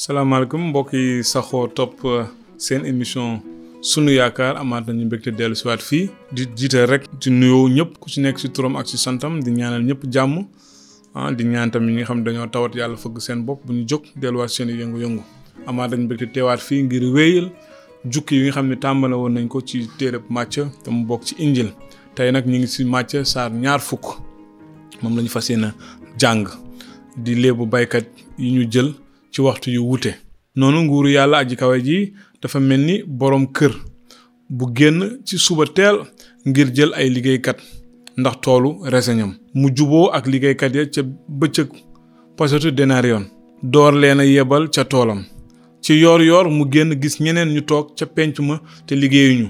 salaamaaleykum mbokk yi saxoo topp eh, seen émission sunu yaakaar amaat nañu mbégte dellu si waat fii di jiital rek ci nuyoo ñëpp ku ci nekk si turam ak si santam di ñaanal ñëpp jàmm ah di ñaan tam ñi nga xam dañoo tawat yàlla fëgg seen bopp bu ñu jóg delluwaat seen yëngu-yëngu amaat nañu mbégte teewaat fii ngir wéyal jukki yi nga xam ne tàmbale woon nañ ko ci téereb màcc te mu bokk ci injil tey nag ñu ngi si màcc saar ñaar fukk moom lañu fas yéene jàng di léebu baykat yi ñu jël ci waxtu yu wuute noonu nguuru yàlla aji kawe ji dafa mel ni boroom kër bu génn ci suba teel ngir jël ay liggéeykat ndax toolu reseñam mu juboo ak liggéeykat ya ca bëccëg posetu denariyon door leen a yebal ca toolam ci yoor yoor mu génn gis ñeneen ñu toog ca penc ma te liggéeyuñu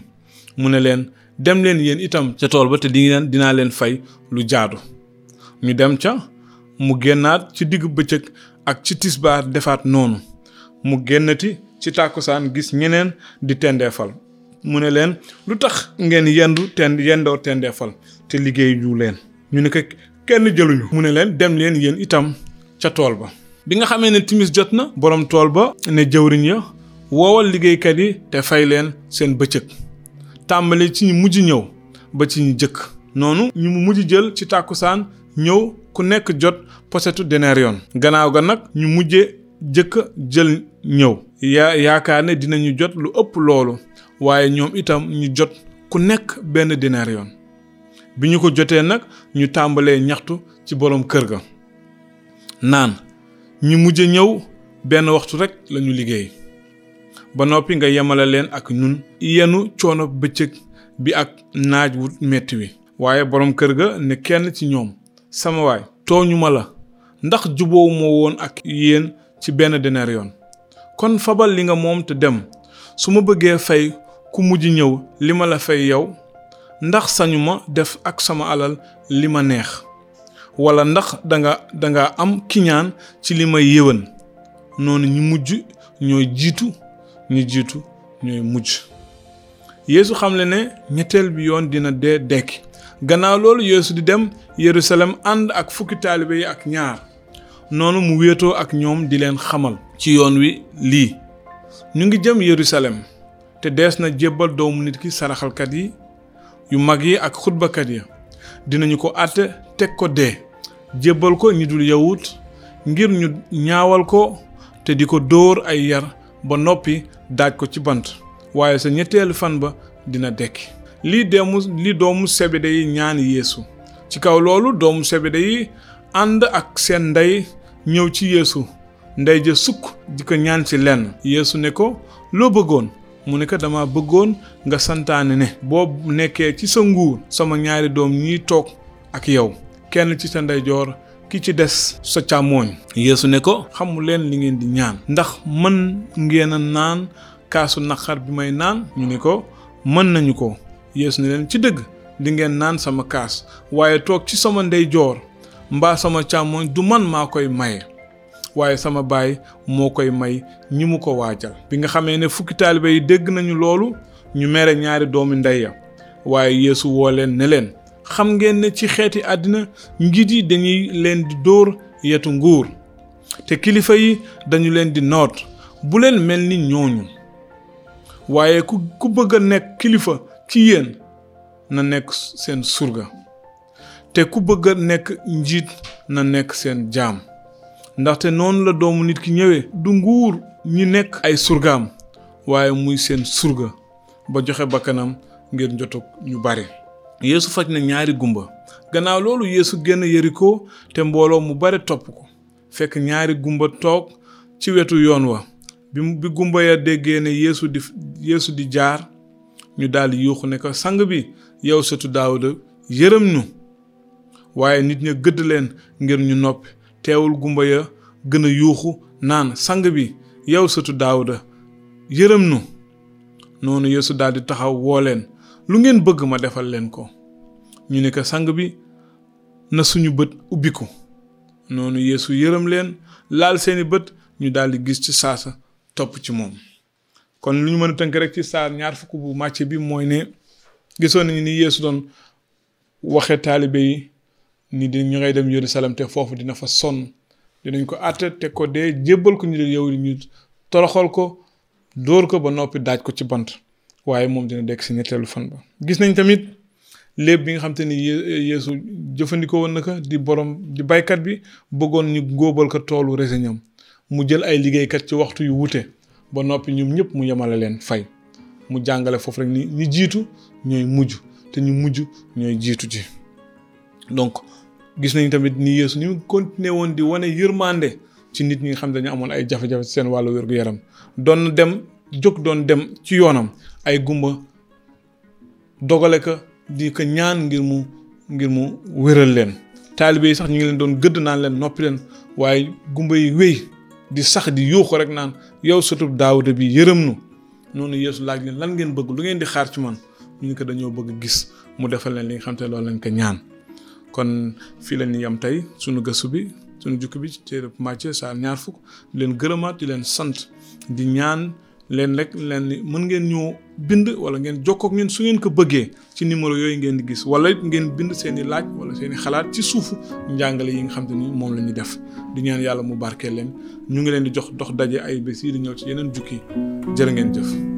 mu ne leen dem leen yéen itam ca tool ba te di dinaa leen fay lu jaadu ñu dem ca mu génnaat ci digg bëccëg ak ci tisbaar defaat noonu mu génnati ci tàkkusaan gis ñeneen di tendeefal mu ne leen lu tax ngeen yendu ten yendoo tendeefal te liggéey ju leen ñu ne ko kenn jëluñu mu ne leen dem leen yéen itam ca tool ba bi nga xamee ne timis jot na boroom tool ba ne jëwriñ ya woowal liggéeykat yi te fay leen seen bëccëg tàmbali ci ñu mujj ñëw ba ci ñu jëkk noonu ñu mu mujj jël ci tàkkusaan ñëw ku nekk jot posetu denariyon gannaaw ga nag ñu mujje jëkk jël ñëw ya yaakaar ne dinañu jot lu ëpp loolu waaye ñoom itam ñu jot ku nekk benn denariyon bi ñu ko jotee nag ñu tàmbalee ñaxtu ci boroom kër ga naan ñu mujje ñëw benn waxtu rekk lañu liggéey ba noppi nga yemale leen ak ñun yenu coono bëccëg bi ak naaj wu metti wi waaye boroom kër ga ne kenn ci ñoom sama waay tooñu la ndax juboowu woon ak yéen ci benn deneer yoon kon fabal li nga moom te dem su ma bëggee fay ku mujj ñëw li ma la fay yow ndax sañu ma def ak sama alal li ma neex wala ndax danga danga am kiñaan ci li may yéwén noonu ñu mujj ñooy jiitu ñu jiitu ñooy mujj Yeesu xamle ne ñetteel bi yoon dina dee dekki gannaaw loolu yeesu di dem yerusalem ànd ak fukki taalibe yi ak ñaar noonu mu wéetoo ak ñoom di leen xamal ci yoon wi lii ñu ngi jëm yerusalem te dees na jébbal doomu nit ki saraxalkat yi yu mag yi ak xutbakat ya dinañu ko àtte teg ko dee jébbal ko ñi dul yowut ngir ñu ñaawal ko te di ko dóor ay yar ba noppi daaj ko ci bant waaye sa ñetteelu fan ba dina dekki li doomu lidoomu yi ñaani yeesu ci kaw loolu doomu yi ànd ak seen ndey ñëw ci yeesu ndey ja sukk di ko ñaan ci lenn yeesu ne ko loo bëggoon mu ne ko dama bëggoon nga santaane ne boo nekkee ci sa nguur sama ñaari doom ñuy toog ak yow kenn ci sa joor ki ci des sa càmmooñ yeesu ne ko xamu leen li ngeen di ñaan ndax mën ngeen a naan kaasu naqar bi may naan ñu ne ko mën nañu ko yéesu ne leen ci dëgg dingeen naan sama kaas waaye toog ci sama ndeyjoor mbaa sama càmmooñ du man maa koy maye waaye sama baay moo koy may ñi mu ko waajal bi nga xamee ne fukki taalibe yi dégg nañu loolu ñu mere ñaari doomi ndey ya waaye yeesu woo leen ne leen xam ngeen ne ci xeeti àddina njiit yi dañuy leen di dóor yetu nguur te kilifa yi dañu leen di noot bu leen mel ni ñooñu waaye ku ku bëgg a nekk kilifa ci yéen na nekk seen surga te ku bëgg a nekk njiit na nekk seen jaam ndaxte noonu la doomu nit ki ñëwee du nguur ñi nekk ay surgaam waaye muy seen surga ba joxe bakkanam ngir njotug ñu bare yéesu faj na ñaari gumba gannaaw loolu yéesu génn yeriko te mbooloo mu bare topp ko fekk ñaari gumba toog ci wetu yoon wa bi gumba ya déggee ne yeesu di jaar ñu daal di yuuxu ne ko sang bi yow sëtu Daawuda yërëm nu waaye nit ña gëdd leen ngir ñu noppi teewul gumba ya gën a yuuxu naan sang bi yow sëtu Daawuda yërëm nu noonu yéesu daal taxaw woo leen lu ngeen bëgg ma defal leen ko ñu ne ko sang bi na suñu bët ubbiku noonu Yeesu yërëm leen laal seeni bët ñu daal gis ci saa sa topp ci moom kon lu ñu mën a tënk rek ci saar ñaar fukk bu màcc bi mooy ne gisoon nañu ni yéesu doon waxe taalibe yi ni di ñu ngay dem Yerusalem te foofu dina fa sonn dinañ ko àtte te ko dee jébbal ko ñu dee yow ñu toroxal ko dóor ko ba noppi daaj ko ci bant waaye moom dina dekk si ñetteelu fan ba gis nañ tamit léeb bi nga xam te ni yéesu jëfandikoo woon na di borom di baykat bi bëggoon ñu góobal ko toolu résiñam mu jël ay liggéeykat ci waxtu yu wute ba noppi ñoom ñëpp mu yemale leen fay mu jàngale foofu rek ni ñi jiitu ñooy mujj te ñu mujj ñooy jiitu ci donc gis nañ tamit ni Yeesu ni mu continué woon di wane yërmande ci nit ñi xam dañu amoon ay jafe-jafe ci seen wàllu wér-gu-yaram doon dem jóg doon dem ci yoonam ay gumba dogale ka di ko ñaan ngir mu ngir mu wéral leen taalibe yi sax ñu ngi leen doon gëdd naan leen noppi leen waaye gumba yi wéy di sax di yuuxu rek naan yow sutub daawuda bi yërëm nu noonu yéesu laaj leen lan ngeen bëgg lu ngeen di xaar ci man ñu ni ko dañoo bëgg gis mu defal leen li nga xam te loolu lañ ko ñaan kon fii la ñu yem tey sunu gëstu bi suñu jukki bi ci téereb Matthieu saa ñaar fukk leen gërëmaat di leen sant di ñaan leen rek leen ni mën ngeen ñoo bind wala ngeen jokkook ñun su ngeen ko bëggee ci numéro yooyu ngeen di gis wala ngeen bind seen i laaj wala seen i xalaat ci suufu njàngale yi nga xam ni moom la ñuy def di ñaan yàlla mu barkee leen ñu ngi leen di jox dox daje ay bés yi di ñëw ci yeneen jukki jërë ngeen jëf